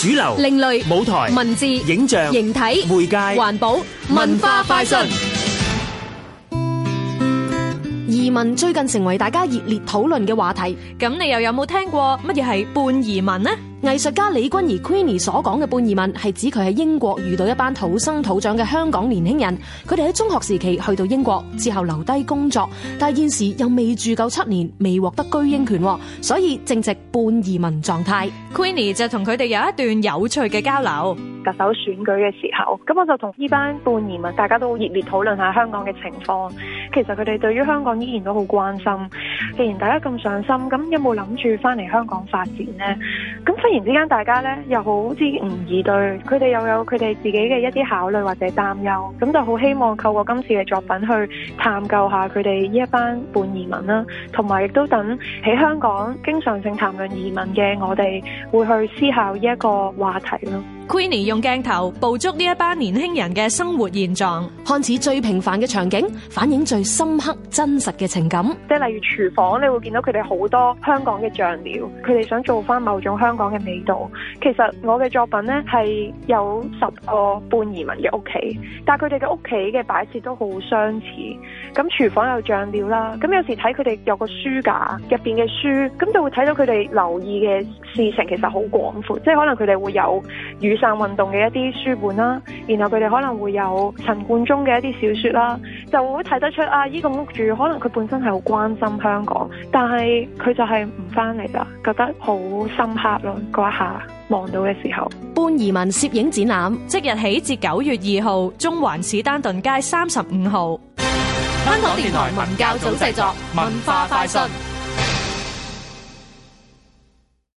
主流、另類、舞台、文字、影像、形體、媒介、環保、文化、快訊。移民最近成為大家熱烈討論嘅話題，咁你又有冇聽過乜嘢係半移民呢？藝術家李君儀 Queenie 所講嘅半移民係指佢喺英國遇到一班土生土長嘅香港年輕人，佢哋喺中學時期去到英國之後留低工作，但係現時又未住夠七年，未獲得居英權，所以正值半移民狀態。Queenie 就同佢哋有一段有趣嘅交流。特首選舉嘅時候，咁我就同呢班半移民，大家都熱烈討論下香港嘅情況。其實佢哋對於香港依然都好關心。既然大家咁上心，咁有冇諗住翻嚟香港發展呢？忽然之間，大家咧又好似唔易對，佢哋又有佢哋自己嘅一啲考慮或者擔憂，咁就好希望透過今次嘅作品去探究下佢哋呢一班半移民啦，同埋亦都等喺香港經常性談論移民嘅我哋會去思考呢一個話題咯。Queenie 用鏡頭捕捉呢一班年輕人嘅生活現狀，看似最平凡嘅場景，反映最深刻真實嘅情感。即例如廚房，你會見到佢哋好多香港嘅醬料，佢哋想做返某種香港嘅味道。其實我嘅作品呢係有十個半移民嘅屋企，但係佢哋嘅屋企嘅擺設都好相似。咁廚房有醬料啦，咁有時睇佢哋有個書架入邊嘅書，咁就會睇到佢哋留意嘅事情其實好廣闊，即係可能佢哋會有與站運動嘅一啲書本啦，然後佢哋可能會有陳冠中嘅一啲小説啦，就會睇得出啊！依、這個屋主可能佢本身係好關心香港，但係佢就係唔翻嚟啦，覺得好深刻咯。嗰一下望到嘅時候，半移民攝影展覽即日起至九月二號，中環史丹頓街三十五號。香港電台文教組製作文化快訊。